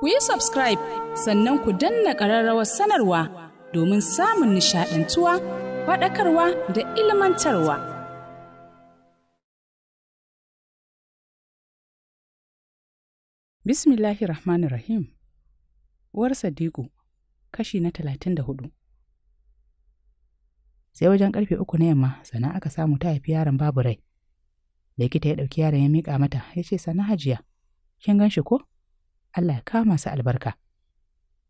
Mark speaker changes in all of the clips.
Speaker 1: ku yi subscribe sannan ku danna ƙararrawar sanarwa domin samun nishaɗantuwa faɗakarwa da ilmantarwa. Bismillahir Rahmanir Rahim Uwar Sadiku kashi na talatin da hudu Sai wajen ƙarfe uku na yamma sannan aka samu ta haifi yaron babu rai. Likita ya ɗauki yaron ya mika mata ya ce sana hajiya, kin gan shi ko? Allah ya kama su albarka.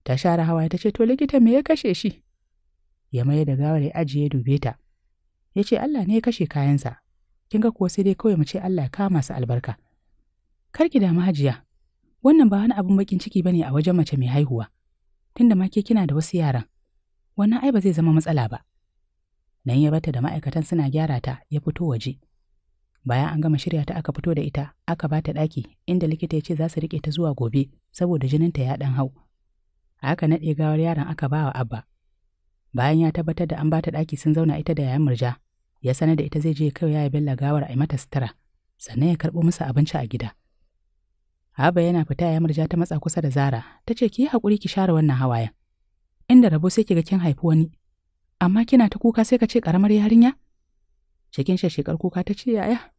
Speaker 1: Ta share hawa ta ce, To likita me ya kashe shi? Ya maye da gawar ya ajiye dube ta. Ya ce, Allah ne ya kashe kayansa. Kin ga kuwa sai dai kawai mu ce Allah ya kama su albarka. Kar ki damu hajiya. Wannan ba wani abin bakin ciki bane a wajen mace mai haihuwa. Tunda ma ke kina da wasu yaran. Wannan ai ba zai zama matsala ba. Nan ya bata da ma'aikatan suna gyara ta ya fito waje. bayan an gama shirya ta aka fito da ita aka ba ta ɗaki inda likita ya ce za su riƙe ta zuwa gobe saboda jininta ya ɗan hau haka naɗe gawar yaron aka ba wa abba bayan ya tabbatar da an ba ta ɗaki sun zauna ita da yayan murja ya sanar da ita zai je kai ya bella gawar a mata sutura sannan ya karɓo musu abinci a gida Abba yana fita ya murja ta matsa kusa da Zara ta ce ki yi haƙuri ki share wannan hawayen inda rabo sai ki ga kin haifi wani amma kina ta kuka sai ka ce ƙaramar yarinya cikin shekar kuka ta ce yaya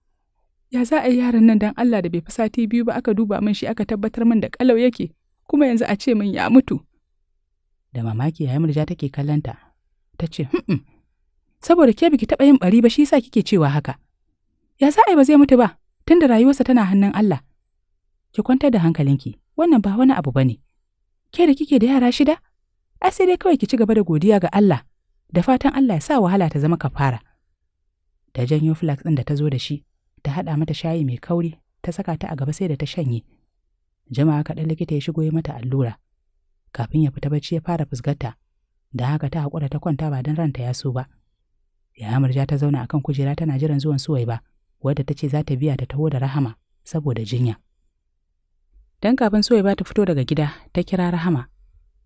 Speaker 1: ya za a yi yaran nan dan Allah da bai fi sati biyu ba aka duba min shi aka tabbatar min da kalau yake kuma yanzu a ce min ya mutu da mamaki yayin murja take kallanta ta ce hmm saboda ke biki taba yin bari ba shi yasa kike cewa haka ya za a yi ba zai mutu ba tunda rayuwarsa tana hannun Allah ki kwanta da hankalinki wannan ba wani abu bane ke da kike da yara shida ai sai dai kawai ki ci gaba da godiya ga Allah da fatan Allah ya sa wahala ta zama kafara da janyo flax ɗin da ta zo da shi, ta haɗa mata shayi mai kauri, ta saka ta a gaba sai da ta shanye. Jama'a kaɗan likita ya shigo ya mata allura. Kafin ya fita bacci ya fara fusgata, da haka ta haƙura ta kwanta ba don ranta ya so ba. Ya amurja ta zauna akan kujera tana jiran zuwan suwai ba, wadda ta ce za ta biya ta taho da rahama saboda jinya. Dan kafin suwai ba ta fito daga gida, ta kira rahama,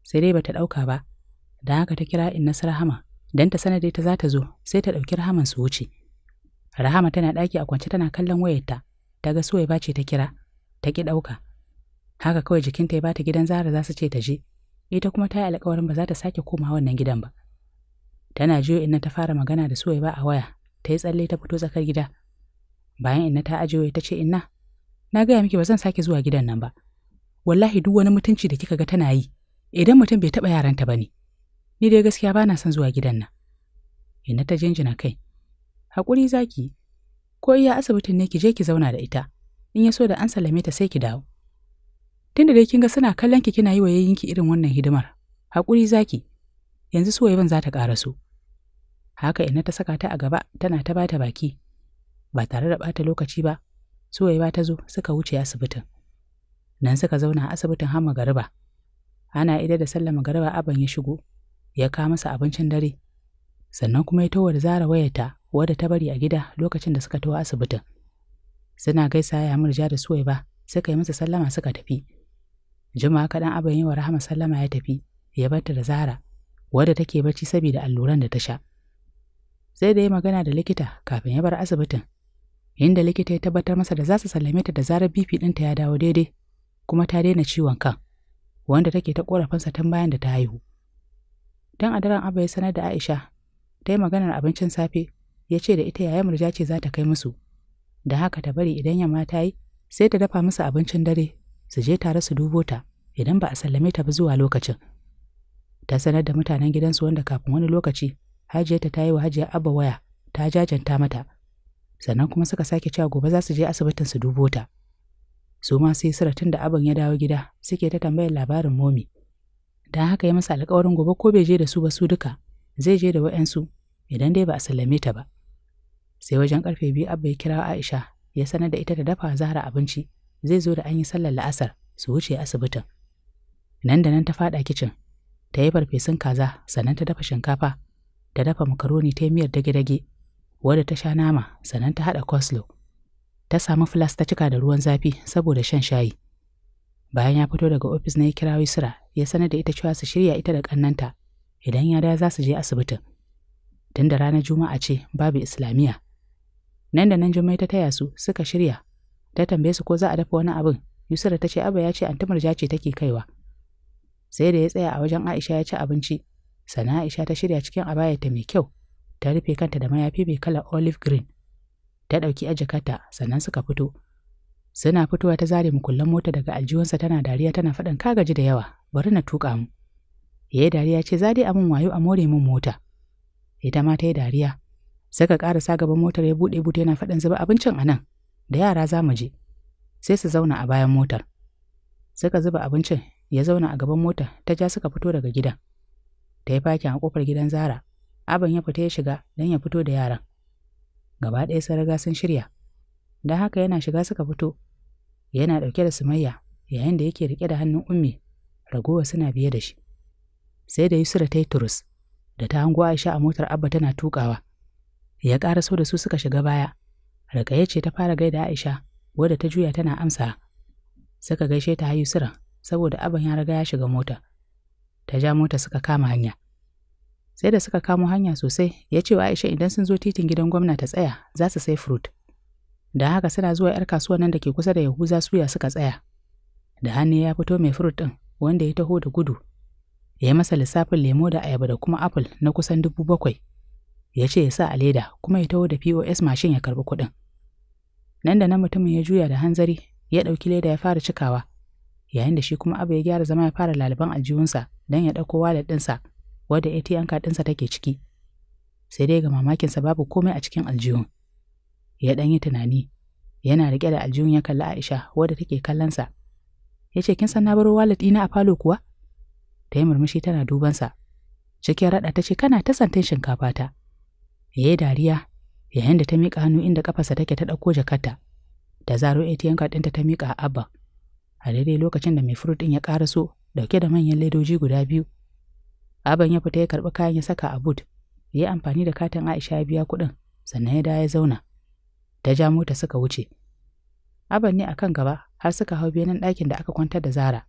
Speaker 1: sai dai ba ta ɗauka ba, da haka ta kira inna rahama, dan ta sanar ta za ta zo, sai ta ɗauki rahaman su wuce. Rahama tana ɗaki a kwance tana kallon wayarta, ta ga suwai ba ce ta kira, ta ki ɗauka. Haka kawai jikinta ya bata gidan Zara za su ce ta je, ita kuma ta yi alƙawarin ba za ta sake koma wannan gidan ba. Tana jiyo inna ta fara magana da suwai ba a waya, ta yi tsalle ta fito tsakar gida. Bayan inna ta ajiye ta ce inna, na gaya miki ba zan sake zuwa gidan nan ba. Wallahi duk wani mutunci da kika ga tana yi, idan mutum bai taɓa yaranta ba ne. Ni dai gaskiya ba na son zuwa gidan nan. Inna ta jinjina kai, haƙuri zaki ko iya asibitin ne ki je ki zauna da ita in ya so da an sallame ta sai ki dawo tunda dai kin ga suna kallon ki kina yi wa yayinki irin wannan hidimar haƙuri zaki yanzu suwaiban za ta su. haka ina ta saka ta a gaba tana ta bata baki ba tare da bata lokaci ba suwaiba ta zo suka wuce asibitin nan suka zauna a asibitin har magariba ana ida da sallama garba aban ya shigo ya kawo masa abincin dare sannan kuma ya towar zara wayarta wadda ta bari a gida lokacin da suka tawo asibitin. Suna gaisa ya murja da suwai ba, suka yi masa sallama suka tafi. Juma'a kaɗan abin yi wa Rahama sallama ya tafi, ya barta da zara wadda take bacci saboda alluran da ta sha. Sai da ya magana da likita kafin ya bar asibitin, inda likita ya tabbatar masa da za su sallame ta da zarar BP ɗinta ya dawo daidai, kuma ta daina ciwon kan, wanda take ta ƙorafinsa tun bayan da ta haihu. don a daren abu ya sanar da Aisha, ta yi maganar abincin safe ya ce da ita yaya murja ce za ta kai musu da haka ta bari idan yamma ta yi sai ta dafa musu abincin dare su je tare su dubo ta idan ba a sallame ta ba zuwa lokacin ta sanar da mutanen gidansu wanda kafin wani lokaci hajiyarta ta yi wa hajiya abba waya ta jajanta mata sannan kuma suka sake cewa gobe za su je asibitin su dubo ta su ma sai sira tun da abin ya dawo gida suke ta tambayar labarin momi dan haka ya masa alƙawarin gobe ko bai je da su ba su duka zai je da wa'yansu idan dai ba a sallame ta ba sai wajen karfe biyu abba ya kira aisha ya sanar da ita ta dafa zahra abinci zai zo da an yi sallar la'asar su wuce asibitin nan da nan ta faɗa kicin ta yi farfesun kaza sannan ta dafa shinkafa ta dafa makaroni ta miyar dage-dage wadda ta sha nama sannan ta haɗa coslo ta samu flas ta cika da ruwan zafi saboda shan shayi bayan ya fito daga ofis na ya kira Wisra ya sanar da ita cewa su shirya ita da ƙannanta idan ya da za su je asibitin. Tun da ranar Juma'a ce babu Islamiyya, nan da nan jummai ta taya su suka shirya ta tambaye su ko za a dafa wani abin yusra ta ce abba ya ce antumar ja ce take kaiwa sai da ya tsaya a wajen aisha ya ci abinci sana aisha ta shirya cikin abayarta mai kyau ta rufe kanta da mayafi mai kala olive green ta ɗauki Jakarta sannan suka fito suna fitowa ta zare mukullan mota daga aljihunsa tana dariya tana faɗin ka gaji da yawa bari na tuƙa mu ya yi dariya ce za dai amin wayo a more min mota ita ma ta yi dariya sai ka ƙarasa gaban motar ya buɗe bute yana faɗin zuba abincin a nan da yara za mu je sai su zauna a bayan motar suka zuba abincin ya zauna a gaban motar ta ja suka fito daga gidan ta yi fakin a kofar gidan zara aban ya fita ya shiga don ya fito da yaran gaba ɗaya sun riga sun shirya don haka yana shiga suka fito yana ɗauke da sumayya yayin da yake riƙe da hannun ummi ragowa suna biye da shi sai da yusra ta yi turus da ta hango aisha a motar abba tana tukawa ya ƙara so da su suka shiga baya rakaye ce ta fara gaida aisha wadda ta juya tana amsa suka gaishe ta hayu sura, saboda abin ya riga ya shiga mota ta ja mota suka kama hanya sai da suka kamo hanya sosai ya ce wa aisha idan sun zo titin gidan gwamna ta tsaya za su sai fruit da haka suna zuwa 'yar kasuwa nan da ke kusa da yahuza suya suka tsaya da hannu ya fito mai fruit ɗin wanda ya taho da gudu ya masa lissafin lemo da ayaba da kuma apple na kusan dubu bakwai ya ce ya sa a leda kuma ya taho da POS mashin ya karbi kuɗin. Nan da nan mutumin ya juya da hanzari ya ɗauki leda ya fara cikawa, yayin da shi kuma abu ya gyara zama ya fara laliban aljihunsa don ya ɗauko walet ɗinsa wadda ATM card ɗinsa take ciki. Sai dai ga mamakinsa babu komai a cikin aljihun. Ya ɗan yi tunani, yana riƙe da aljihun ya kalli Aisha wadda take kallonsa. Ya ce, Kin san na baro walet ɗina a falo kuwa? Ta yi murmushi tana dubansa. Cikin raɗa ta ce, Kana ta santin shinkafa ta. ya yi dariya yayin da ta miƙa hannu inda ƙafarsa take ta ɗauko jakarta da zaro ATM card ɗinta ta miƙa a abba a daidai lokacin da mai furut ɗin ya so, ɗauke da manyan ledoji guda biyu abban ya fita ya karɓi kayan ya saka a boot ya yi amfani da katin Aisha ya biya kuɗin sannan ya dawo ya zauna ta ja mota suka wuce abban ne akan gaba har suka hau benen ɗakin da aka kwantar da Zara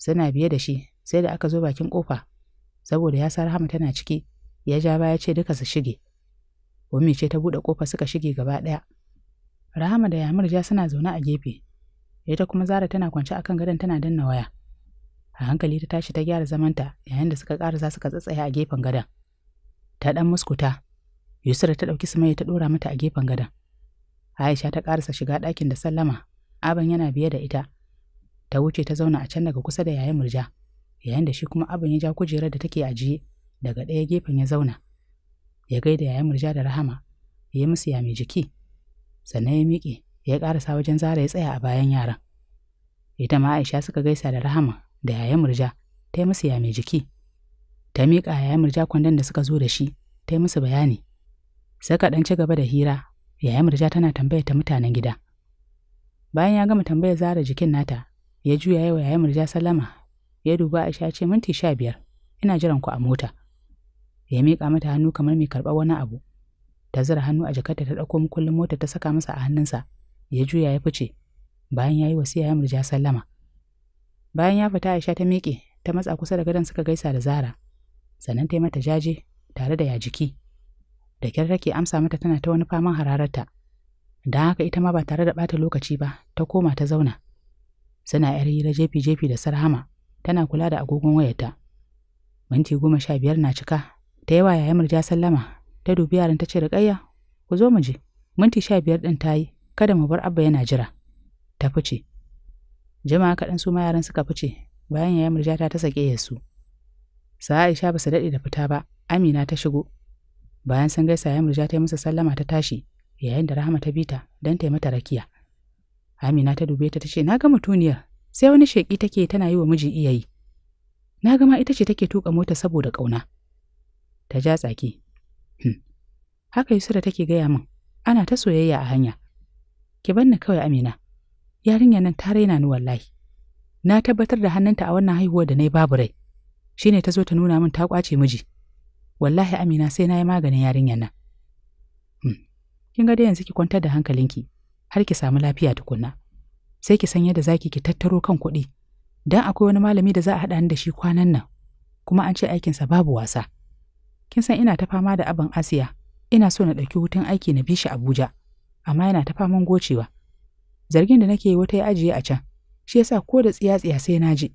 Speaker 1: suna biye da shi sai da aka zo bakin ƙofa saboda ya sa Rahama tana ciki ya ja baya ce duka su shige Ummi ce ta buɗe kofa suka shige gaba ɗaya. Rahama da Yamurja suna zaune a gefe. Ita kuma Zara tana kwance akan gadon tana danna waya. A hankali ta tashi ta gyara zamanta yayin da suka zasu suka tsatsaya a gefen gadon. Ta ɗan muskuta. Yusra ta ɗauki Sumayya ta ɗora mata a gefen gadon. Aisha ta ƙarasa shiga ɗakin da sallama. Aban yana biye da ita. Ta wuce ta zauna a can daga kusa da yayin murja. Yayin da shi kuma Aban ya ja kujerar da take ajiye daga ɗaya gefen ya zauna. ya gaida ya murja da rahama ya yi musu ya mai jiki sannan ya miƙe ya ƙarasa wajen zara ya tsaya a bayan yaran ita ma aisha suka gaisa da rahama da yaya murja ta yi musu ya mai jiki ta miƙa yaya murja kwandon da suka zo da shi ta yi musu bayani saka ɗan ci gaba da hira yaya murja tana tambaya ta mutanen gida bayan ya gama tambayar zara jikin nata ya juya yawa yaya murja sallama ya duba aisha ce minti sha biyar ina jiran ku a mota ya miƙa mata hannu kamar mai karɓar wani abu ta zira hannu a jakarta ta ɗauko mukullin mota ta saka masa a hannunsa ya juya ya fice bayan ya yi wasiya ya murja sallama bayan ya fita aisha ta miƙe ta matsa kusa da gadon suka gaisa da zara sannan ta yi mata jaje tare da ya jiki da kyar take amsa mata tana ta wani faman hararta don haka ita ma ba tare da bata lokaci ba ta koma ta zauna suna yar hira jefi-jefi da sarhama tana kula da agogon wayarta minti goma sha biyar na cika ta yawa yaya murja sallama ta dubi yaran ta ce riƙayya ku zo mu je minti sha biyar ɗin ta yi kada mu bar abba yana jira ta fice jama'a kaɗan su ma yaran suka fice bayan yaya murja ta ta sake ya su sa aisha ba su daɗe da fita ba amina ta shigo bayan sun gaisa ya murja ta yi masa sallama ta tashi yayin da rahama ta bi ta don ta yi mata rakiya amina ta dube ta ta ce na ga mutuniyar sai wani sheƙi take tana yi wa miji iyayi na gama ita ce take tuƙa mota saboda ƙauna ta ja tsaki. Hmm, haka Yusra take gaya min, ana ta soyayya a hanya. Ki banni kawai Amina, yarinyar nan ta raina ni wallahi. Na tabbatar da hannunta a wannan haihuwar da na yi babu rai, shi ne ta zo ta nuna min ta kwace miji. Wallahi Amina sai na yi maganin yarinyar nan. Hmm, kin ga dai yanzu ki kwantar da hankalinki, har ki samu lafiya tukunna. Sai ki san yadda zaki ki tattaro kan kuɗi, dan akwai wani malami da za a haɗa ni da shi kwanan nan, kuma an ce aikinsa babu wasa. kin san ina ta fama da abin asiya ina so na ɗauki hutun aiki na bi shi abuja amma yana ta faman gocewa zargin da nake wata ya ajiye a can shi yasa ko da tsiya tsiya sai na ji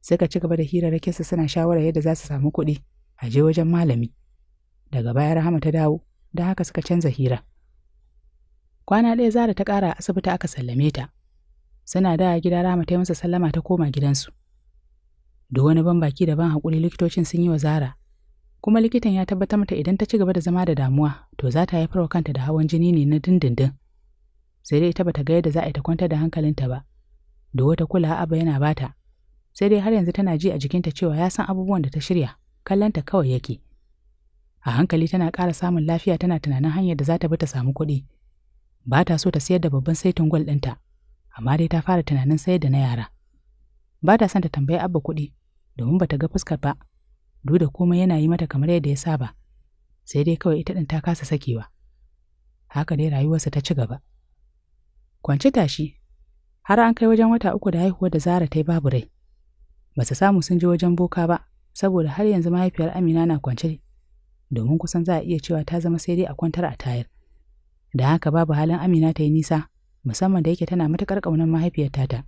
Speaker 1: suka ci gaba da su suna shawara yadda za su samu kuɗi a je wajen malami daga baya rahama ta dawo da haka suka canza hira kwana ɗaya zara ta ƙara a asibiti aka sallame ta suna da gida rahama ta yi masa sallama ta koma gidansu da wani ban baki da ban haƙuri likitocin sun yi wa zara kuma likitan ya tabbatar mata idan ta ci gaba da zama da damuwa to za ta haifar wa kanta da hawan jini ne na dindindin sai dai ita bata ga yadda za a yi ta kwantar da hankalinta ba da wata kula aba yana bata sai dai har yanzu tana ji a jikinta cewa ya san abubuwan da ta shirya kallanta kawai yake a hankali tana ƙara samun lafiya tana tunanin hanyar da za ta bi ta samu kuɗi ba ta so ta sayar da babban saitin gwal ɗinta amma dai ta fara tunanin sayar da na yara ba ta son ta tambayi abba kuɗi domin ba ta ga fuskar ba duk da komai yana yi mata kamar yadda ya saba sai dai kawai ita ɗin ta kasa sakewa haka dai rayuwarsa ta ci gaba kwanci tashi har an kai wajen wata uku da haihuwar da zara ta yi babu rai ba su samu sun je wajen boka ba saboda har yanzu mahaifiyar amina na kwance domin kusan za a iya cewa ta zama sai dai a kwantar a tayar da haka babu halin amina ta yi nisa musamman da yake tana matuƙar ƙaunar mahaifiyar tata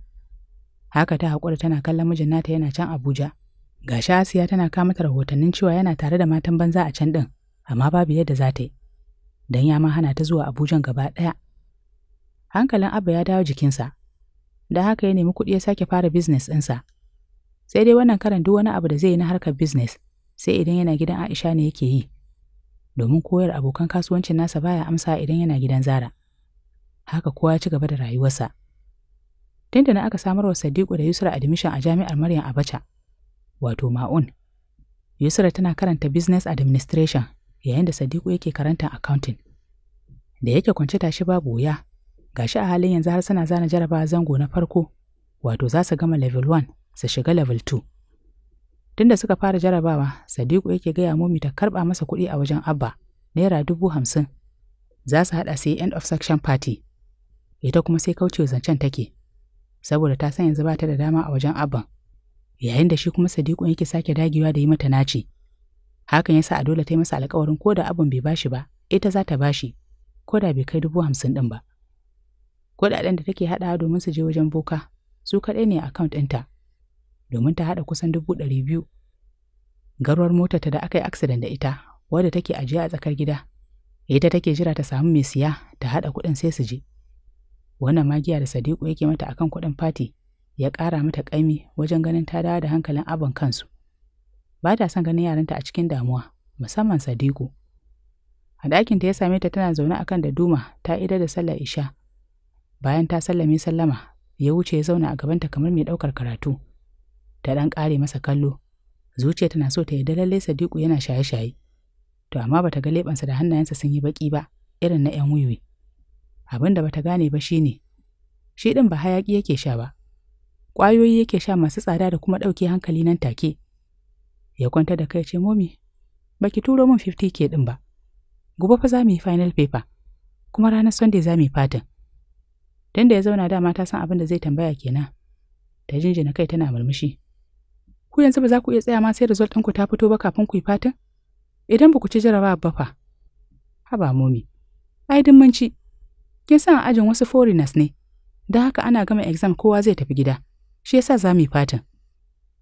Speaker 1: haka ta haƙura tana kallon mijin nata yana can abuja Gashi Asiya tana kama mata rahotannin cewa yana tare da matan banza a can ɗin, amma babu yadda za ta yi. Dan ya ma hana ta zuwa Abujan gaba ɗaya. Hankalin Abba ya dawo jikinsa, da haka ya nemi kuɗi ya sake fara biznes ɗinsa. Sai dai wannan karan duk wani abu da zai yi na harkar biznes, sai idan yana gidan Aisha ne yake yi. Domin koyar abokan kasuwancin nasa baya amsa idan yana gidan Zara. Haka kowa ya ci gaba da rayuwarsa. Tunda na aka samarwa wa Sadiku da Yusra admission a jami'ar Maryam Abacha. wato ma'un. Yusra tana karanta Business Administration yayin da Sadiku yake karanta Accounting. Da yake kwance tashi babu wuya, gashi a halin yanzu har suna zana jarabawa zango na farko, wato za su gama level 1 su shiga level 2. Tunda suka fara jarabawa, Sadiku yake gaya mumita ta karɓa masa kuɗi a wajen Abba, naira dubu hamsin. Za su haɗa sai end of section party. Ita kuma sai kaucewa zancen take, saboda ta san yanzu ba ta da dama a wajen Abban. yayin da shi kuma Sadiqun yake sake dagewa da yi mata naci. Hakan yasa sa a dole ta yi masa alkawarin ko da abin bai bashi ba, ita za ta bashi, ko da bai kai dubu hamsin din ba. Kuɗaɗen da take haɗawa domin su je wajen boka, su kaɗai ne akaunt ɗinta, domin ta haɗa kusan dubu ɗari biyu. Garwar ta da aka yi aksidan da ita, wadda take ajiye a tsakar gida, ita take jira ta samu mai siya ta haɗa kuɗin sai su je. Wannan magiya da Sadiku yake mata akan kuɗin fati ya ƙara mata ƙaimi wajen ganin ta dawo da hankalin abin kansu. Ba ta son ganin yaranta a cikin damuwa, musamman Sadiku. A ɗakinta ya same ta tana zaune a kan da duma ta ida da sallar isha. Bayan ta sallame sallama, ya wuce ya zauna a gabanta kamar mai ɗaukar karatu. Ta ɗan ƙare masa kallo. Zuciya tana so ta yi dalalle Sadiku yana shaye-shaye. To amma bata ga leɓensa da hannayensa sun yi baƙi ba, irin na ‘yan wiwi. Abin da bata gane ba shine, shi ɗin ba hayaƙi yake sha ba, ƙwayoyi yake sha masu tsada da kuma ɗauke hankali nan take. Ya kwanta da kai ce, Momi, Baki turo min 50 ke ɗin ba. Gobe fa za mu yi final paper, kuma ranar Sunday za mu yi fatin. Dan da ya zauna dama ta san abin da zai tambaya kenan. Ta na kai tana murmushi. Ku yanzu ba za ku iya tsaya ma sai result ɗinku ta fito ba kafin ku yi fatin? Idan ba ku ci jarabawa ba fa. Haba momi. Ai din mun Kin san ajin wasu foreigners ne. Don haka ana gama exam kowa zai tafi gida. shi yasa za mu yi fatan.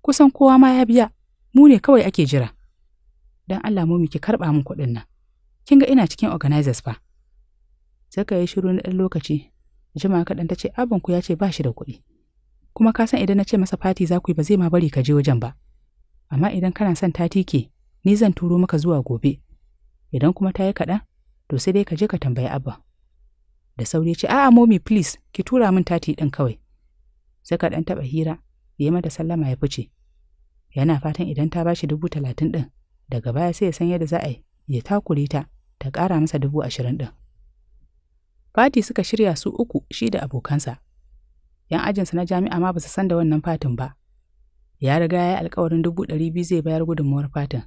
Speaker 1: Kusan kowa ma ya biya, mu ne kawai ake jira. Don Allah mu ki karɓa min kuɗin nan. Kin ga ina cikin organizers fa. Saka yi shiru na ɗan lokaci, jima kaɗan ta ce abinku ya ce ba shi da kuɗi. Kuma ka san idan na ce masa fati za ku yi ba zai ma bari ka je wajen ba. Amma idan kana son ta tike, ni zan turo maka zuwa gobe. Idan kuma ta yi kaɗan, to sai dai ka je ka tambayi abba. Da sauri ce, a'a momi please, ki tura min tati ɗin kawai. suka ɗan taɓa hira ya mata sallama ya fice yana fatan idan ta bashi dubu talatin ɗin daga baya sai ya san yadda za a yi ya takure ta ta ƙara masa dubu ashirin ɗin fati suka shirya su uku shi da abokansa yan ajinsa na jami'a ma ba su san da wannan fatin ba ya riga ya yi alkawarin dubu ɗari biyu zai bayar gudunmuwar fatin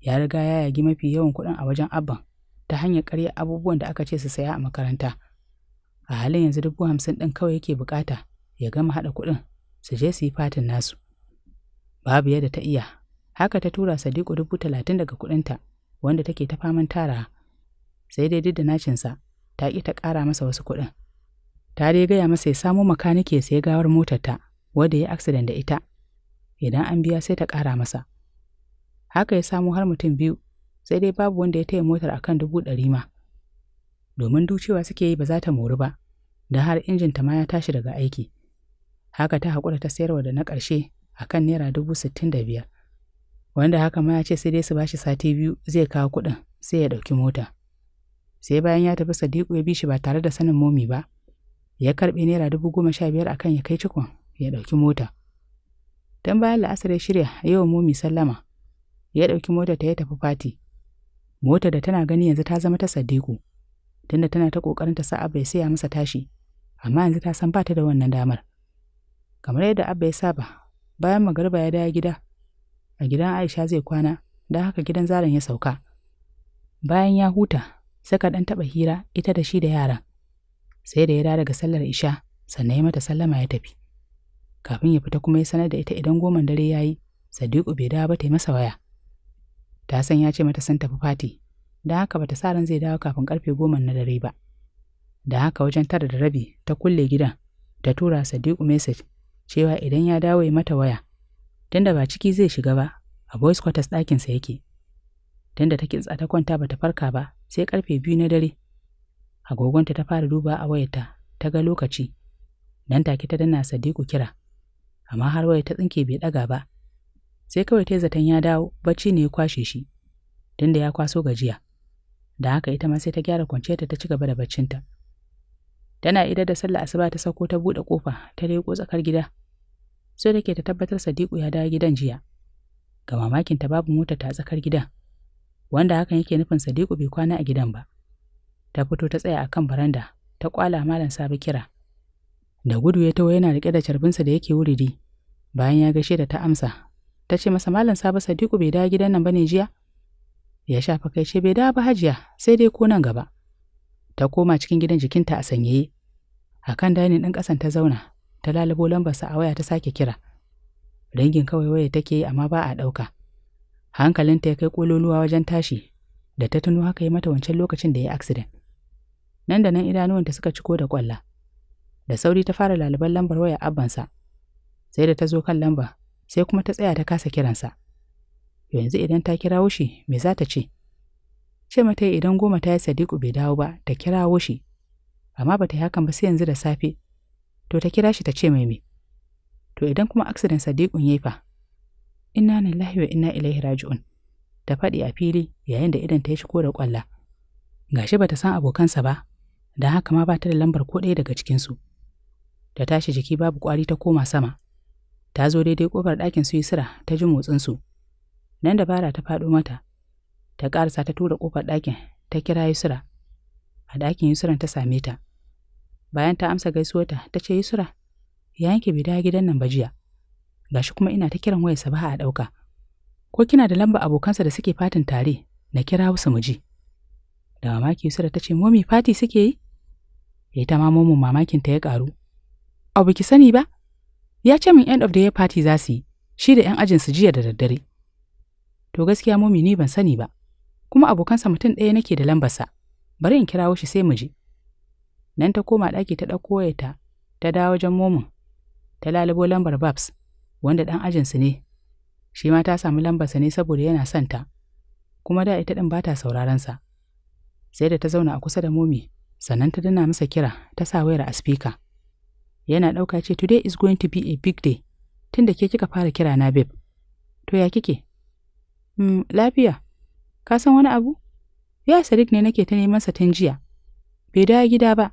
Speaker 1: ya riga ya yagi mafi yawan kuɗin a wajen abban ta hanyar karya abubuwan da aka ce su saya a makaranta a halin yanzu dubu hamsin ɗin kawai yake bukata ya gama haɗa kuɗin su je su yi fatin nasu. Babu yadda ta iya, haka ta tura Sadiku dubu talatin daga kuɗinta wanda take ta faman tara. Sai dai duk da nacinsa, ta ƙi ta ƙara masa wasu kuɗin. Ta dai gaya masa ya samo makanike sai gawar motarta, wadda ya yi da ita. Idan an biya sai ta ƙara masa. Haka ya samo har mutum biyu, sai dai babu wanda ya taya motar akan dubu ɗari ma. Domin ducewa suke yi ba za ta mori ba, da har injinta ma ya tashi daga aiki. haka ta haƙura ta sayarwa da na ƙarshe a kan naira dubu sittin da biyar wanda haka ma ya ce sai dai su bashi sati biyu zai kawo kuɗin sai ya ɗauki mota sai bayan ya tafi sadiku ya bi shi ba tare da sanin momi ba ya karɓe naira dubu goma sha biyar a kan ya kai cikon ya ɗauki mota don bayan la'asar ya shirya yi wa momi sallama ya ɗauki mota ta ya tafi fati mota da tana gani yanzu ta zama ta sadiku tunda tana ta ƙoƙarin ta sa'a bai saya masa tashi amma yanzu ta san bata da wannan damar kamar yadda Abba ya saba bayan magariba ya dawo gida a gidan Aisha zai kwana don haka gidan zaran ya sauka bayan ya huta suka dan taɓa hira ita da shi da yaran sai da ya dawo daga sallar isha sannan ya mata sallama ya tafi kafin ya fita kuma ya sanar da ita idan goman dare ya yi sadiku bai dawo ba ta masa waya ta san ya ce mata sun tafi fati don haka bata sa ran zai dawo kafin karfe goma na dare ba da haka wajen tara da rabi ta kulle gidan ta tura sadiku message cewa idan ya dawo ya mata waya, tunda ba ciki zai shiga ba, a boys quarters ɗakinsa yake. Tunda ta kintsa ta kwanta bata farka ba, sai karfe biyu na dare. Agogonta ta fara duba a wayarta, ta ga lokaci. Nan take ta danna Sadiku kira, amma har waya ta tsinke bai ɗaga ba. Sai kawai ta zaton ya dawo, bacci ne ya kwashe shi, tunda ya kwaso gajiya. Da haka ita ma sai ta gyara kwanciyarta ta ci gaba da baccinta. Tana ida da sallah asuba ta sako ta buɗe kofa ta leko tsakar gida. Sai take ta tabbatar Sadiku ya dawo gidan jiya. Ga mamakin ta babu mota ta tsakar gidan. Wanda hakan yake nufin Sadiku bai kwana a gidan ba. Ta fito ta tsaya akan baranda ta kwala malam Sabi kira. Da gudu ya tawo yana rike da carbinsa da yake wuridi. Bayan ya gaishe da ta amsa, ta ce masa malam Sabi Sadiku bai dawo gidan nan bane jiya. ya shafa kai ce bai dawo ba hajiya sai dai ko nan gaba ta koma cikin gidan jikinta a sanyaye a kan dainin ɗin ƙasan ta zauna ta lalabo lambarsa a waya ta sake kira dangin kawai waya take yi amma ba a ɗauka hankalinta ya kai ƙololuwa wajen tashi da ta tuno haka yi mata wancan lokacin da ya accident nan da nan idanuwanta suka ciko da ƙwalla da sauri ta fara laluban lambar waya abbansa sai da ta zo kan lamba sai kuma ta tsaya ta kasa kiransa yanzu idan ta kira shi me za ta ce ce mata idan goma ta yi sadiku bai dawo ba ta kira shi amma ba ta yi hakan ba sai yanzu da safe to ta kira shi ta ce mai me to idan kuma accident sadiqun yayi fa inna lillahi wa inna ilaihi raji'un ta faɗi a fili yayin da idan ta yi shigo da kwalla gashi ta san abokansa ba don haka ma ba ta da lambar ko ɗaya daga cikinsu ta tashi jiki babu ƙwari ta koma sama ta zo daidai ƙofar ɗakin su yisira ta ji motsin su. nan dabara ta faɗo mata ta ƙarasa ta tura ƙofar ɗakin ta kira sura. a ɗakin Yusuran ta same ta. Bayan ta amsa gaisuwarta, ta ce Yusura, yanke bai dawo gidan nan bajiya Gashi kuma ina ta kiran wayarsa sabaha a ɗauka. Ko kina da lamba abokansa da suke fatin tare, na kira wasu mu ji. Da mamaki Yusura ta ce, Momi fati suke yi? ta ma momin ta ya ƙaru. Abu ki sani ba? Ya ce min end of the year party za su yi, shi da 'yan ajinsu jiya da daddare. To gaskiya momi ni ban sani ba, kuma abokansa mutum ɗaya nake da lambarsa. bari in kirawo shi sai mu je. Nan ta koma ɗaki ta ɗauko wayarta, ta dawo wajen momin, ta lalubo lambar Babs, wanda ɗan ajinsu ne. Shi ma ta samu lambarsa ne saboda yana son ta, kuma da ita ɗin ba ta sa. Sai da ta zauna a kusa da momi, sannan ta dana masa kira, ta sa wayar a spika. Yana ɗauka ce, Today is going to be a big day, tunda ke kika fara kira na babe. To ya kike? Hmm, lafiya, ka san wani abu? Ya sadik ne nake ta neman sa tun jiya. Bai dawo gida ba.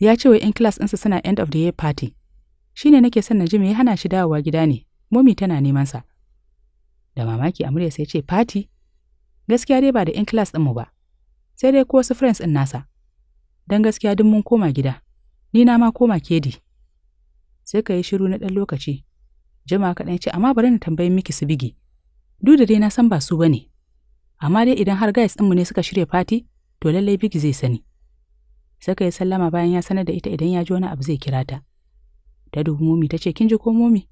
Speaker 1: Ya ce wa 'yan class ɗinsa suna end of the year party. shine ne nake son na ji ya hana shi dawowa gida ne. Momi tana neman sa. Da mamaki Amurya sai ce party. Gaskiya dai ba da 'yan class ɗinmu ba. Sai dai ko wasu friends ɗin nasa. Dan gaskiya duk mun koma gida. Ni na ma koma kedi. Sai ka yi shiru na ɗan lokaci. Jama'a kaɗan ce amma bari na tambayi miki su bigi. Duk da dai na san ba su ba ne. amma dai idan har guys ɗinmu ne suka shirya fati to lallai big zai sani saka ya sallama bayan ya sanar da ita idan ya ji wani abu zai kira ta ta dubi momi ta ce kin ji ko momi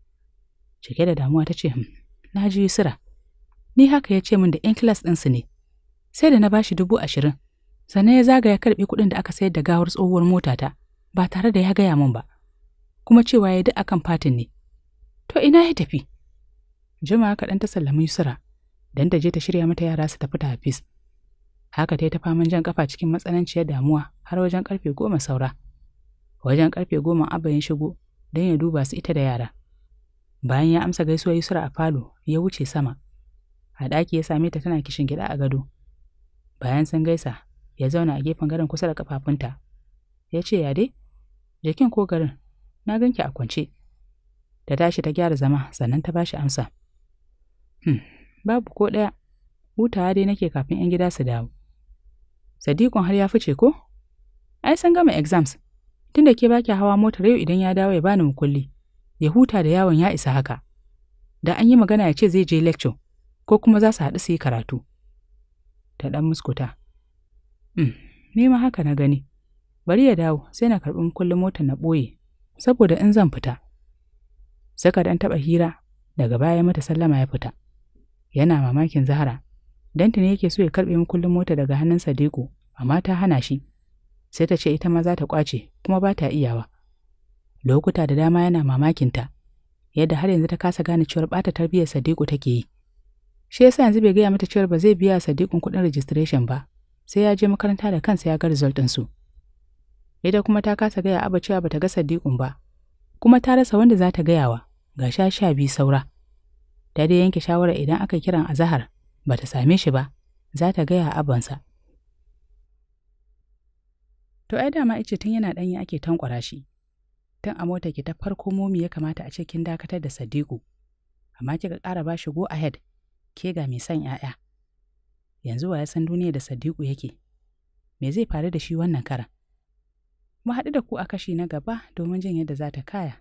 Speaker 1: cike da damuwa ta ce hmm, na ji sira ni haka ya ce min da 'yan kilas ɗinsu ne sai da na bashi dubu ashirin sannan ya zagaya karɓi kuɗin da aka sayar da gawar tsohuwar motata ba tare da ya gaya min ba kuma cewa ya duk akan fatin ne to ina ya tafi jima kaɗan ta sallami Yusra don ta je ta shirya mata yara su tafi ta hafiz. Haka ta yi ta faman jan kafa cikin matsananciyar damuwa har wajen karfe goma saura. Wajen karfe goma Abba ya shigo don ya duba su ita da yara. Bayan ya amsa gaisuwar Yusra a falo, ya wuce sama. A ɗaki ya same ta tana kishin gida a gado. Bayan sun gaisa, ya zauna a gefen garin kusa da kafafunta. Ya ce ya dai, jikin ko garin, na ganki a kwance. Ta tashi ta gyara zama sannan ta bashi amsa. Hmm. Babu ko ɗaya. Hutawa dai nake kafin 'yan gida su dawo. Sadikun har ya fice ko? Ai san gama exams. Tunda ke baki hawa motar yau idan ya dawo ya bani mukulli. Ya huta da yawon ya isa haka. Da an yi magana ya ce zai je lecture ko kuma za su haɗu su yi karatu. Ta ɗan muskuta. Mm, ni ma haka na gani. Bari ya dawo sai na karɓi mukullin motar na ɓoye saboda in zan fita. Saka dan taɓa hira daga baya mata sallama ya fita. yana mamakin Zahra. Danta ne yake so ya karɓe makullin mota daga hannun Sadiku, amma ta hana shi. Sai ta ce ita ma za ta kwace, kuma ba ta iyawa. Lokuta da dama yana mamakin ta, yadda har yanzu ta kasa gane cewar ɓata tarbiyyar Sadiku take yi. Shi yasa yanzu bai gaya mata cewar ba zai biya Sadiqun kuɗin registration ba, sai ya je makaranta da kansa ya ga result su. Ita kuma ta kasa gaya Aba cewa ta ga Sadiqun ba, kuma ta rasa wanda za ta gayawa, ga sha sha biyu saura. ta dai yanke shawara idan aka kiran azahar ba ta same shi ba za ta gaya abansa to ai dama ice tun yana ɗanyi ake tankwara shi tun a mota ki ta farko momi ya kamata a ce kin dakatar da sadiku amma kika ƙara ba shi go ahead ke ga mai son 'ya'ya yanzu wa ya san duniya da sadiku yake me zai faru da shi wannan karan mu haɗu da ku a kashi na gaba domin jin yadda za ta kaya